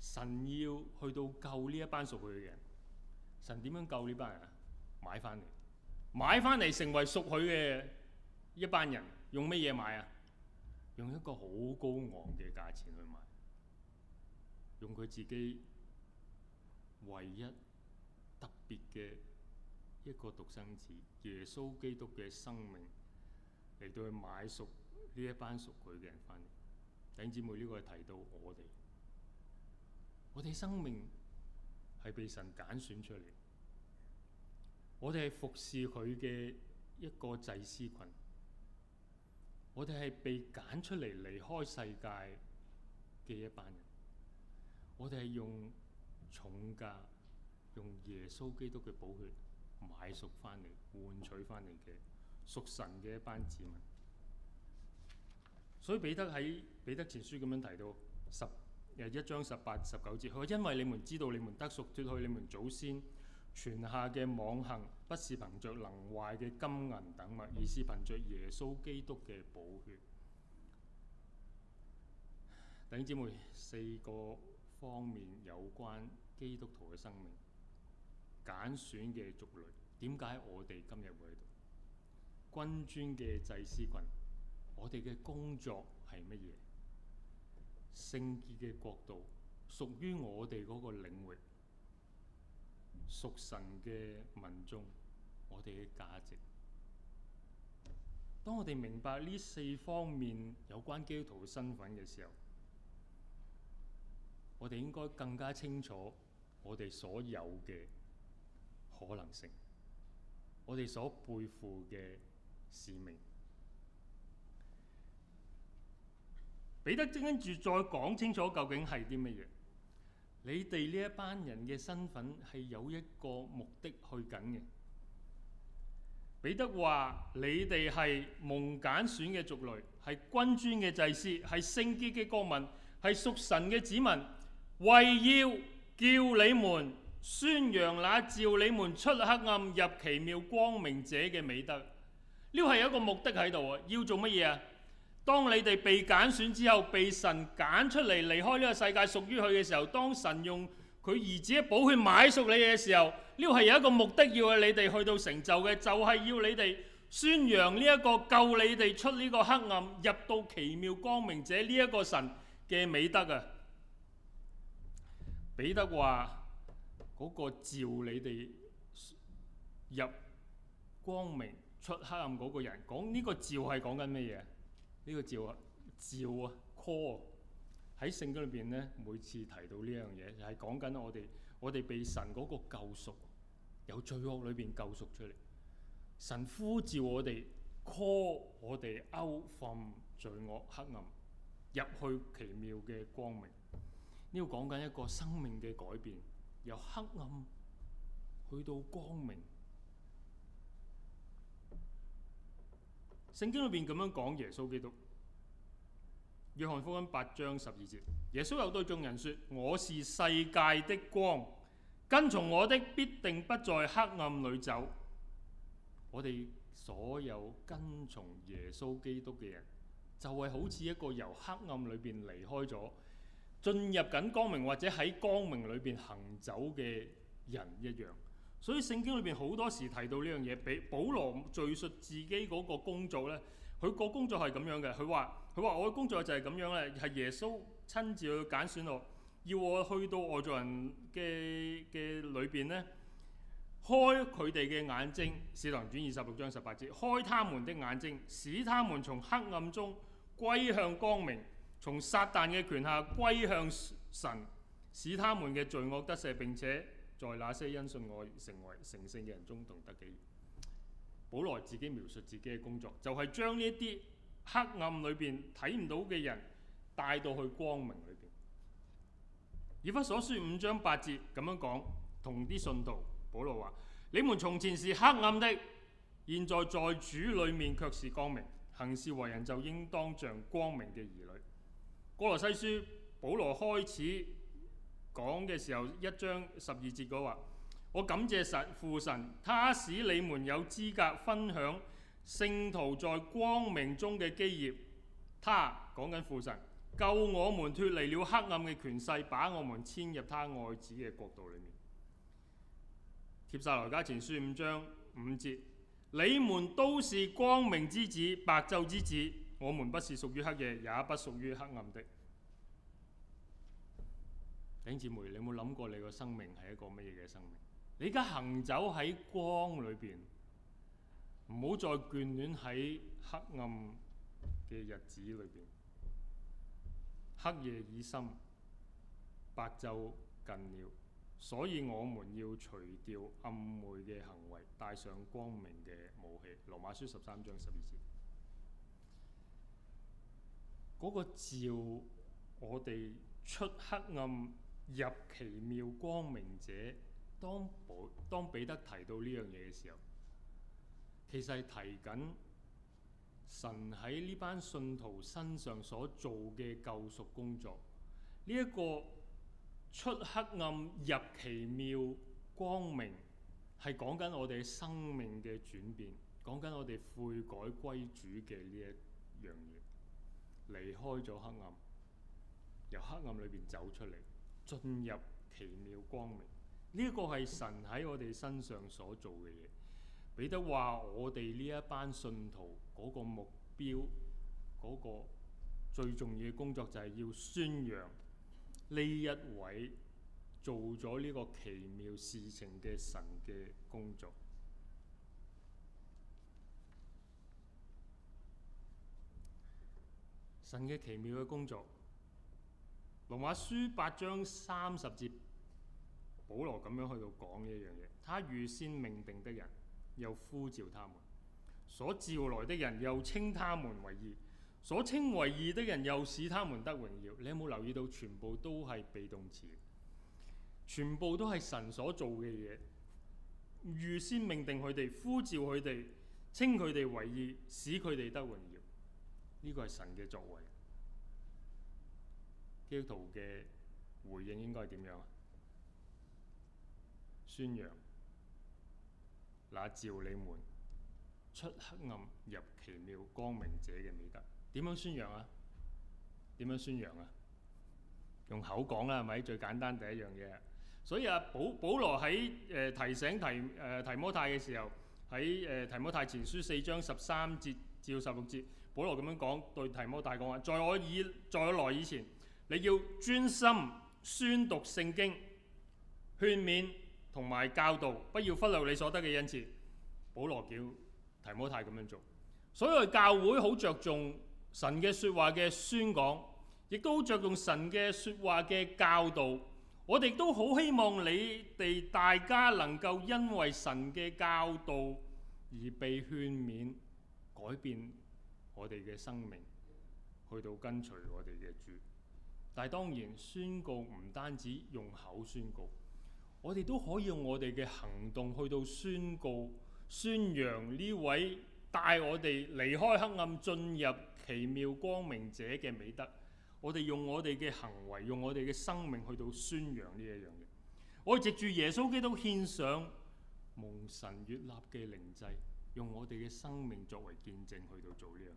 神要去到救呢一班屬佢嘅人，神點樣救呢班人啊？買翻嚟。買翻嚟成為屬佢嘅一班人，用乜嘢買啊？用一個好高昂嘅價錢去買，用佢自己唯一特別嘅一個獨生子耶穌基督嘅生命嚟到去買贖呢一班屬佢嘅人翻嚟。弟兄姊妹，呢個係提到我哋，我哋生命係被神揀選出嚟。我哋係服侍佢嘅一個祭司群，我哋係被揀出嚟離開世界嘅一班人，我哋係用重價用耶穌基督嘅寶血買贖翻嚟換取翻嚟嘅屬神嘅一班子民。所以彼得喺彼得前書咁樣提到，十係一章十八十九節，佢話，因為你們知道你們得贖脱去你們祖先。全下嘅妄行，不是憑着能壞嘅金銀等物，而是憑着耶穌基督嘅寶血。弟兄姊妹，四個方面有關基督徒嘅生命，揀選嘅族類。點解我哋今日會喺度？君尊嘅祭司羣，我哋嘅工作係乜嘢？聖潔嘅國度，屬於我哋嗰個領域。屬神嘅民眾，我哋嘅價值。當我哋明白呢四方面有關基督徒嘅身份嘅時候，我哋應該更加清楚我哋所有嘅可能性，我哋所背負嘅使命。彼得，精跟住再講清楚究竟係啲乜嘢？你哋呢一班人嘅身份係有一個目的去緊嘅。彼得話，你哋係蒙揀選嘅族類，係君尊嘅祭司，係聖潔嘅國民，係屬神嘅子民，為要叫你們宣揚那召你們出黑暗入奇妙光明者嘅美德。呢個係有一個目的喺度啊！要做乜嘢啊？當你哋被揀選之後，被神揀出嚟離開呢個世界，屬於佢嘅時候，當神用佢兒子嘅寶血去買贖你嘅時候，呢個係有一個目的要喺你哋去到成就嘅，就係、是、要你哋宣揚呢、這、一個救你哋出呢個黑暗，入到奇妙光明者呢一個神嘅美德啊！彼得話嗰、那個召你哋入光明出黑暗嗰個人，講呢個召係講緊咩嘢？這個啊啊、call，呢個召啊召啊 call 喺聖經裏邊咧，每次提到呢樣嘢係講緊我哋，我哋被神嗰個救贖，由罪惡裏邊救贖出嚟。神呼召我哋 call 我哋 out from 罪惡黑暗入去奇妙嘅光明。呢度講緊一個生命嘅改變，由黑暗去到光明。聖經裏面咁樣講耶穌基督，約翰福音八章十二節，耶穌又對眾人說：我是世界的光，跟從我的必定不在黑暗裏走。我哋所有跟從耶穌基督嘅人，就係、是、好似一個由黑暗裏面離開咗，進入緊光明或者喺光明裏面行走嘅人一樣。所以聖經裏邊好多時提到呢樣嘢，畀保羅敘述自己嗰個工作呢。佢個工作係咁樣嘅。佢話：佢話我嘅工作就係咁樣咧，係耶穌親自去揀選我，要我去到外族人嘅嘅裏邊呢，開佢哋嘅眼睛。使徒行傳二十六章十八節：開他們的眼睛，使他們從黑暗中歸向光明，從撒旦嘅權下歸向神，使他們嘅罪惡得赦並且。在那些因信我而成為成聖嘅人中懂得嘅念。保羅自己描述自己嘅工作，就係、是、將呢啲黑暗裏邊睇唔到嘅人帶到去光明裏邊。以弗所書五章八節咁樣講，同啲信徒，保羅話：你們從前是黑暗的，現在在主裏面卻是光明，行事為人就應當像光明嘅兒女。哥羅西書，保羅開始。講嘅時候一章十二節嗰，話，我感謝神父神，他使你們有資格分享聖徒在光明中嘅基業。他講緊父神救我們脫離了黑暗嘅權勢，把我們遷入他愛子嘅國度裏面。帖撒羅尼迦前書五章五節，你們都是光明之子、白晝之子，我們不是屬於黑夜，也不屬於黑暗的。弟兄姊妹，你有冇諗過你個生命係一個乜嘢嘅生命？你而家行走喺光裏邊，唔好再眷戀喺黑暗嘅日子裏邊。黑夜已深，白晝近了，所以我們要除掉暗昧嘅行為，帶上光明嘅武器。羅馬書十三章十二節，嗰個召我哋出黑暗。入奇妙光明者，當當彼得提到呢樣嘢嘅時候，其實係提緊神喺呢班信徒身上所做嘅救贖工作。呢、這、一個出黑暗入奇妙光明，係講緊我哋生命嘅轉變，講緊我哋悔改歸主嘅呢一樣嘢，離開咗黑暗，由黑暗裏邊走出嚟。進入奇妙光明，呢個係神喺我哋身上所做嘅嘢，彼得話我哋呢一班信徒嗰個目標，嗰個最重要嘅工作就係要宣揚呢一位做咗呢個奇妙事情嘅神嘅工作，神嘅奇妙嘅工作。羅馬書八章三十節，保羅咁樣去到講呢一樣嘢，他預先命定的人，又呼召他們，所召來的人又稱他們為義，所稱為義的人又使他們得榮耀。你有冇留意到，全部都係被動詞，全部都係神所做嘅嘢，預先命定佢哋，呼召佢哋，稱佢哋為義，使佢哋得榮耀。呢、這個係神嘅作為。基督徒嘅回應應該點樣啊？宣揚，那召你們出黑暗入奇妙光明者嘅美德，點樣宣揚啊？點樣宣揚啊？用口講啦，係咪最簡單第一樣嘢？所以啊，保保羅喺誒、呃、提醒提誒、呃、提摩太嘅時候，喺誒、呃、提摩太前書四章十三節至十六節，保羅咁樣講對提摩太講話，在我以在我來以前。你要專心宣讀聖經、勸勉同埋教導，不要忽略你所得嘅恩賜。保羅叫提摩太咁樣做，所以教會好着重神嘅說話嘅宣講，亦都好着重神嘅說話嘅教導。我哋都好希望你哋大家能夠因為神嘅教導而被勸勉，改變我哋嘅生命，去到跟隨我哋嘅主。但係當然，宣告唔單止用口宣告，我哋都可以用我哋嘅行動去到宣告、宣揚呢位帶我哋離開黑暗進入奇妙光明者嘅美德。我哋用我哋嘅行為，用我哋嘅生命去到宣揚呢一樣嘢。我哋藉住耶穌基督獻上蒙神悦納嘅靈祭，用我哋嘅生命作為見證，去到做呢樣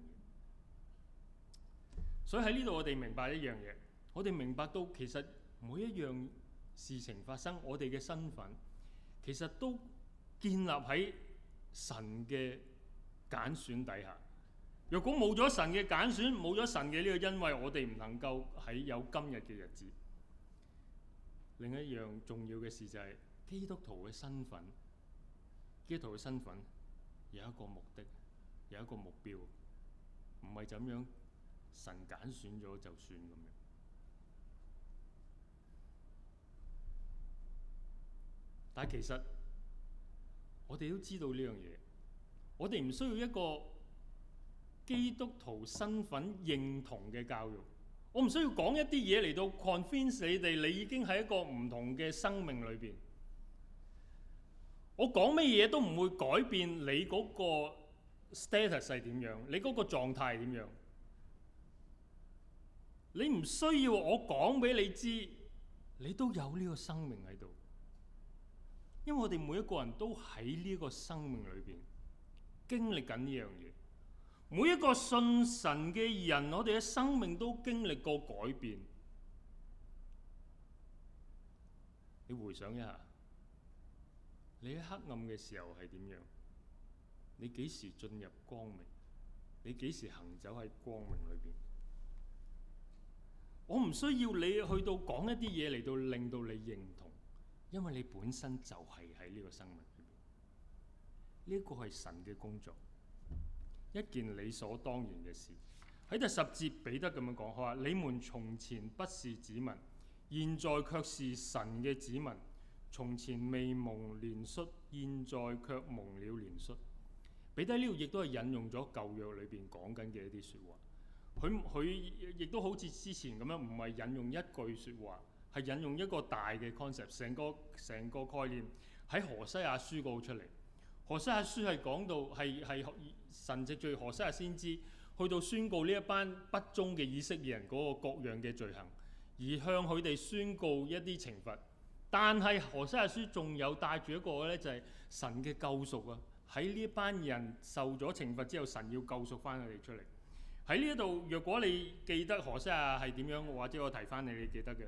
嘢。所以喺呢度，我哋明白一樣嘢。我哋明白到，其實每一樣事情發生，我哋嘅身份其實都建立喺神嘅揀選底下。若果冇咗神嘅揀選，冇咗神嘅呢個因為，我哋唔能夠喺有今日嘅日子。另一樣重要嘅事就係基督徒嘅身份，基督徒嘅身份有一個目的，有一個目標，唔係怎樣神揀選咗就算咁樣。但其實我哋都知道呢樣嘢，我哋唔需要一個基督徒身份認同嘅教育，我唔需要講一啲嘢嚟到 convince 你哋，你已經喺一個唔同嘅生命裏邊。我講乜嘢都唔會改變你嗰個 status 係點樣，你嗰個狀態係點樣。你唔需要我講俾你知，你都有呢個生命喺度。因為我哋每一個人都喺呢個生命裏邊經歷緊呢樣嘢，每一個信神嘅人，我哋嘅生命都經歷過改變。你回想一下，你喺黑暗嘅時候係點樣？你幾時進入光明？你幾時行走喺光明裏邊？我唔需要你去到講一啲嘢嚟到令到你認同。因為你本身就係喺呢個生命裏邊，呢個係神嘅工作，一件理所當然嘅事。喺第十節，彼得咁樣講：佢話你們從前不是子民，現在卻是神嘅子民；從前未蒙憐恤，現在卻蒙了憐恤。」彼得呢度亦都係引用咗舊約裏邊講緊嘅一啲説話，佢佢亦都好似之前咁樣，唔係引用一句説話。係引用一個大嘅 concept，成個成個概念喺何西亞書宣告出嚟。何西亞書係講到係係神藉著何西亞先知去到宣告呢一班不忠嘅以色列人嗰個各樣嘅罪行，而向佢哋宣告一啲懲罰。但係何西亞書仲有帶住一個呢，就係、是、神嘅救贖啊！喺呢一班人受咗懲罰之後，神要救贖翻佢哋出嚟。喺呢一度，若果你記得何西亞係點樣嘅話，即我提翻你，你記得嘅。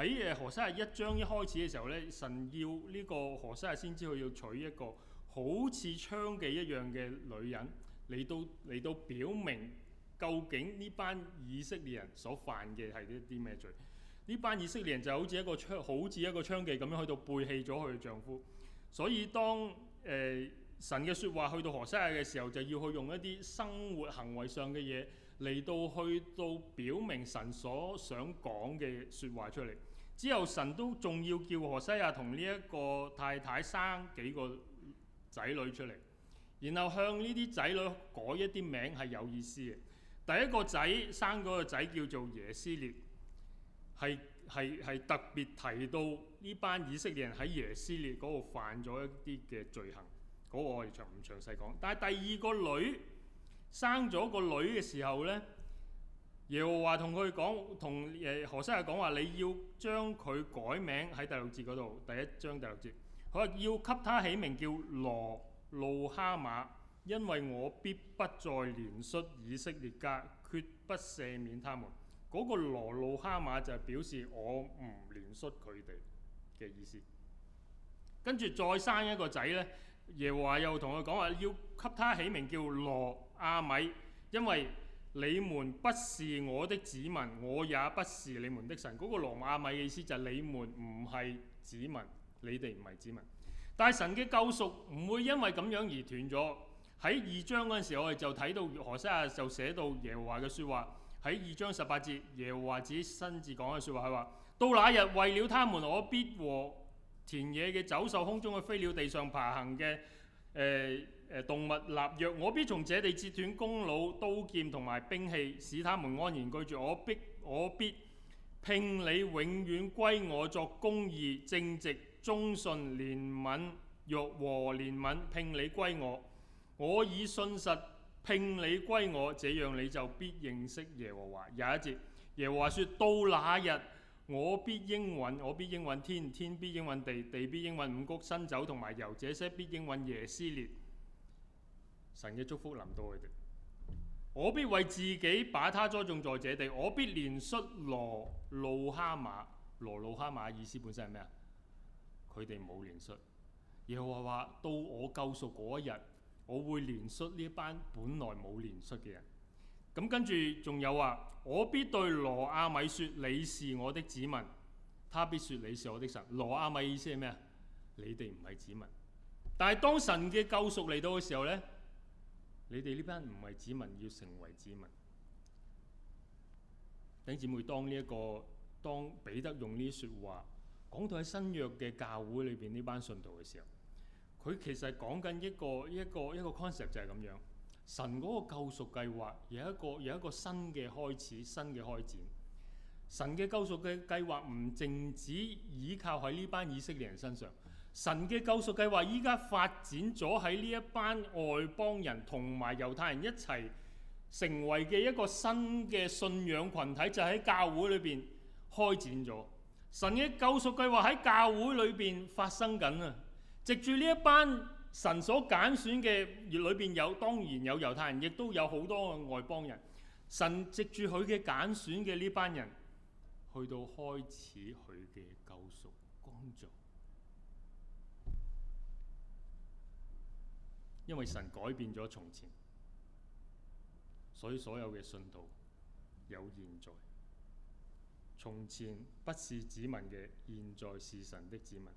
喺誒何西阿一章一開始嘅時候咧，神要呢個何西阿先知去要娶一個好似娼妓一樣嘅女人，嚟到嚟到表明究竟呢班以色列人所犯嘅係一啲咩罪？呢班以色列人就好似一個娼，好似一個娼妓咁樣去到背棄咗佢丈夫。所以當誒、呃、神嘅説話去到何西阿嘅時候，就要去用一啲生活行為上嘅嘢嚟到去到表明神所想講嘅説話出嚟。之後神都仲要叫何西亞同呢一個太太生幾個仔女出嚟，然後向呢啲仔女改一啲名係有意思嘅。第一個仔生嗰個仔叫做耶斯列，係係係特別提到呢班以色列人喺耶斯列嗰度犯咗一啲嘅罪行，嗰、那個我哋唔詳細講。但係第二個女生咗個女嘅時候呢。耶和華同佢講，同誒何西阿講話，你要將佢改名，喺第六節嗰度，第一章第六節。佢話，要給他起名叫羅路哈馬，因為我必不再憐恤以色列家，決不赦免他們。嗰、那個羅路哈馬就表示我唔憐恤佢哋嘅意思。跟住再生一個仔呢，耶和華又同佢講話，要給他起名叫羅亞米，因為，你們不是我的子民，我也不是你們的神。嗰、那個羅馬阿米嘅意思就係你們唔係子民，你哋唔係子民。但係神嘅救贖唔會因為咁樣而斷咗。喺二章嗰陣時，我哋就睇到何西阿就寫到耶和華嘅說話。喺二章十八節，耶和華自己親自講嘅說話，佢話：到那日，為了他們，我必和田野嘅走獸、空中嘅飛鳥、地上爬行嘅誒。欸誒動物立約，我必從這地截斷弓弩、刀劍同埋兵器，使他們安然居住。我必我必聘你，永遠歸我作公義、正直、忠信、憐憫、若和憐憫，聘你歸我。我以信實聘你歸我，這樣你就必認識耶和華。有一節，耶和華説：到那日，我必應允，我必應允天，天必應允地，地必應允五穀、新酒同埋油。這些必應允耶斯列。神嘅祝福臨到佢哋，我必為自己把他栽種在這地。我必憐恤羅路哈瑪，羅路哈瑪意思本身係咩啊？佢哋冇憐恤，又話話到我救贖嗰一日，我會憐恤呢一班本來冇憐恤嘅人。咁跟住仲有話，我必對羅阿米說：你是我的子民。他必説：你是我的神。羅阿米意思係咩啊？你哋唔係子民，但係當神嘅救贖嚟到嘅時候呢。你哋呢班唔係子民，要成為子民。弟兄姊妹當、這個，當呢一個當彼得用呢啲説話講到喺新約嘅教會裏邊呢班信徒嘅時候，佢其實講緊一個一個一個 concept 就係咁樣。神嗰個救贖計劃有一個有一個新嘅開始，新嘅開展。神嘅救贖嘅計劃唔淨止依靠喺呢班以色列人身上。神嘅救贖計劃依家發展咗喺呢一班外邦人同埋猶太人一齊成為嘅一個新嘅信仰群體，就喺教會裏邊開展咗。神嘅救贖計劃喺教會裏邊發生緊啊！藉住呢一班神所揀選嘅，裏邊有當然有猶太人，亦都有好多嘅外邦人。神藉住佢嘅揀選嘅呢班人，去到開始佢嘅救贖工作。因為神改變咗從前，所以所有嘅信徒有現在。從前不是子民嘅，現在是神的子民。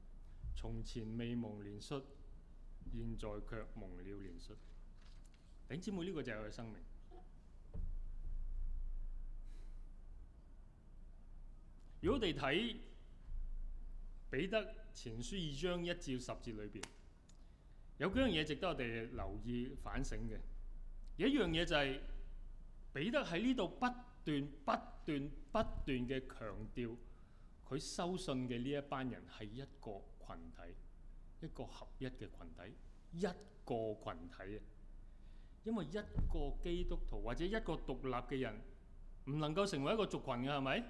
從前未蒙憐恤，現在卻蒙了憐恤。弟姊妹，呢、這個就係生命。如果我哋睇彼得前書二章一至十節裏邊。有幾樣嘢值得我哋留意反省嘅。有一樣嘢就係彼得喺呢度不斷不斷不斷嘅強調，佢收信嘅呢一班人係一個群體，一個合一嘅群體，一個群體啊。因為一個基督徒或者一個獨立嘅人，唔能夠成為一個族群，㗎，係咪？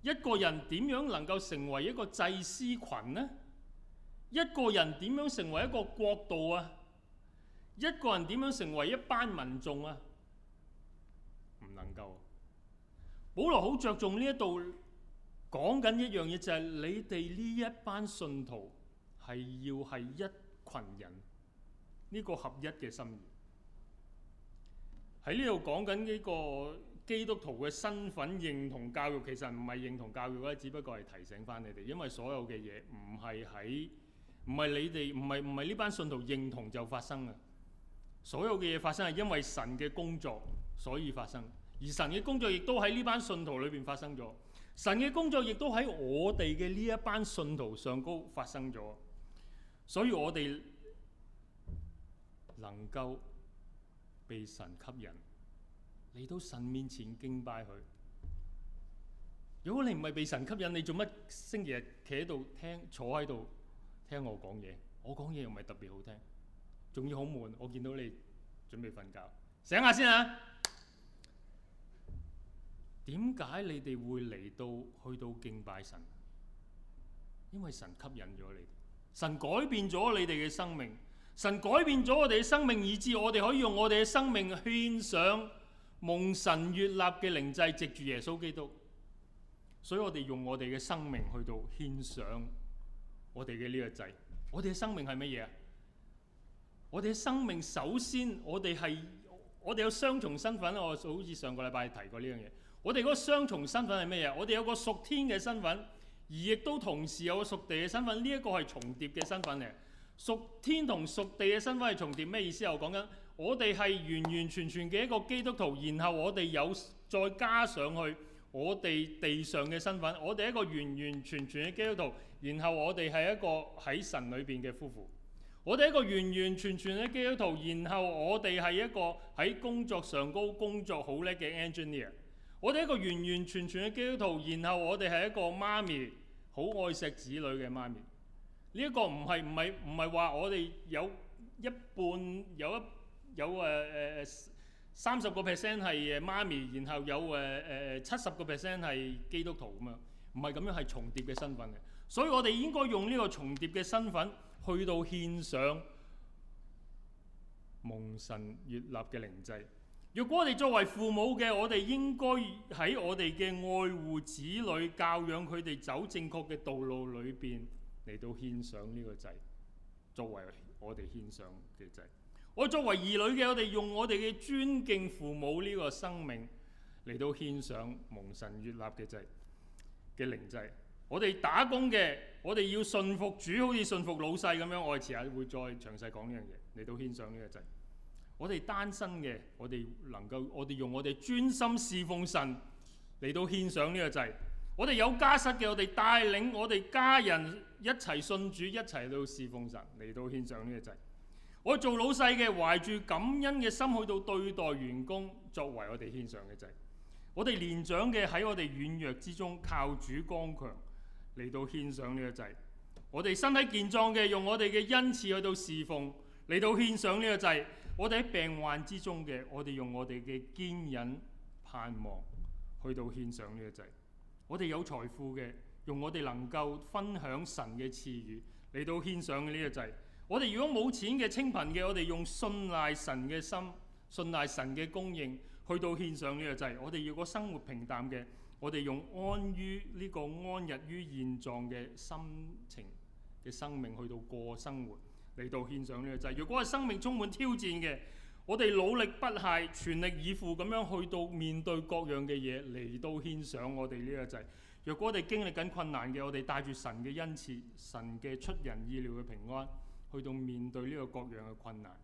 一個人點樣能夠成為一個祭司群呢？一個人點樣成為一個國度啊？一個人點樣成為一班民眾啊？唔能夠啊。保羅好着重呢一度講緊一樣嘢，就係你哋呢一班信徒係要係一群人呢個合一嘅心意。喺呢度講緊呢個基督徒嘅身份認同教育，其實唔係認同教育咧，只不過係提醒翻你哋，因為所有嘅嘢唔係喺。唔係你哋，唔係唔係呢班信徒認同就發生呀，所有嘅嘢發生係因為神嘅工作所以發生。而神嘅工作亦都喺呢班信徒裏邊發生咗，神嘅工作亦都喺我哋嘅呢一班信徒上高發生咗，所以我哋能夠被神吸引嚟到神面前敬拜佢。如果你唔係被神吸引，你做乜星期日企喺度聽坐喺度？聽我講嘢，我講嘢又唔係特別好聽，仲要好悶。我見到你準備瞓覺，醒下先啊！點解你哋會嚟到去到敬拜神？因為神吸引咗你哋，神改變咗你哋嘅生命，神改變咗我哋嘅生命，以致我哋可以用我哋嘅生命獻上蒙神悅納嘅靈祭，藉住耶穌基督。所以我哋用我哋嘅生命去到獻上。我哋嘅呢個制，我哋嘅生命係乜嘢啊？我哋嘅生命首先，我哋係我哋有雙重身份。我好似上個禮拜提過呢樣嘢。我哋嗰個雙重身份係乜嘢？我哋有個屬天嘅身份，而亦都同時有個屬地嘅身份。呢一個係重疊嘅身份嚟。屬天同屬地嘅身份係重疊，咩意思啊？我講緊我哋係完完全全嘅一個基督徒，然後我哋有再加上去。我哋地上嘅身份，我哋一個完完全全嘅基督徒，然後我哋係一個喺神裏邊嘅夫婦。我哋一個完完全全嘅基督徒，然後我哋係一個喺工作上高工作好叻嘅 engineer。我哋一個完完全全嘅基督徒，然後我哋係一個媽咪，好愛錫子女嘅媽咪。呢、這、一個唔係唔係唔係話我哋有一半有一有誒誒。呃呃三十個 percent 係誒媽咪，然後有誒誒七十個 percent 係基督徒咁樣，唔係咁樣係重疊嘅身份嘅。所以我哋應該用呢個重疊嘅身份去到獻上蒙神悦納嘅靈祭。若果我哋作為父母嘅，我哋應該喺我哋嘅愛護子女、教養佢哋走正確嘅道路裏邊嚟到獻上呢個祭，作為我哋獻上嘅祭。我作為兒女嘅，我哋用我哋嘅尊敬父母呢個生命嚟到獻上蒙神悦納嘅祭嘅靈祭。我哋打工嘅，我哋要信服主，好似信服老細咁樣。我哋遲下會再詳細講呢樣嘢，嚟到獻上呢個祭。我哋單身嘅，我哋能夠，我哋用我哋專心侍奉神嚟到獻上呢個祭。我哋有家室嘅，我哋帶領我哋家人一齊信主，一齊到侍奉神嚟到獻上呢個祭。我做老細嘅，懷住感恩嘅心去到對待員工，作為我哋獻上嘅祭；我哋年長嘅，喺我哋軟弱之中靠主剛強，嚟到獻上呢個祭；我哋身體健壯嘅，用我哋嘅恩賜去到侍奉，嚟到獻上呢個祭；我哋喺病患之中嘅，我哋用我哋嘅堅忍盼望去到獻上呢個祭；我哋有財富嘅，用我哋能夠分享神嘅賜予，嚟到獻上呢個祭。我哋如果冇錢嘅清貧嘅，我哋用信賴神嘅心，信賴神嘅供應，去到獻上呢個祭。我哋如果生活平淡嘅，我哋用安於呢個安逸於現狀嘅心情嘅生命去到過生活，嚟到獻上呢個祭。如果係生命充滿挑戰嘅，我哋努力不懈、全力以赴咁樣去到面對各樣嘅嘢，嚟到獻上我哋呢個祭。若果我哋經歷緊困難嘅，我哋帶住神嘅恩賜、神嘅出人意料嘅平安。去到面對呢個各樣嘅困難，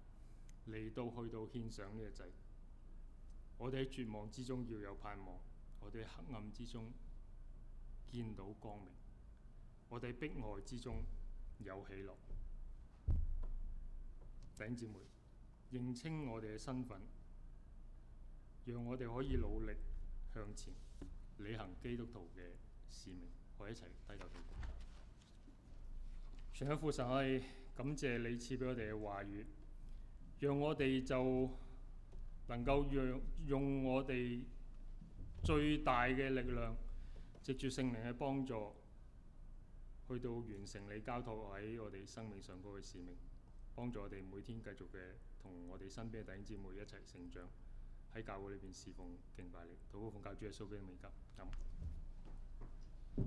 嚟到去到獻上呢個仔。我哋喺絕望之中要有盼望，我哋喺黑暗之中見到光明，我哋喺迫害之中有喜樂。弟兄姊妹，認清我哋嘅身份，讓我哋可以努力向前，履行基督徒嘅使命。我哋一齊低頭禱告。上一課神係。感謝你賜俾我哋嘅話語，讓我哋就能夠用用我哋最大嘅力量，藉住聖靈嘅幫助，去到完成你交託喺我哋生命上高嘅使命，幫助我哋每天繼續嘅同我哋身邊嘅弟兄姊妹一齊成長，喺教會裏邊侍奉敬拜你，禱告奉救主嘅蘇菲美金，咁。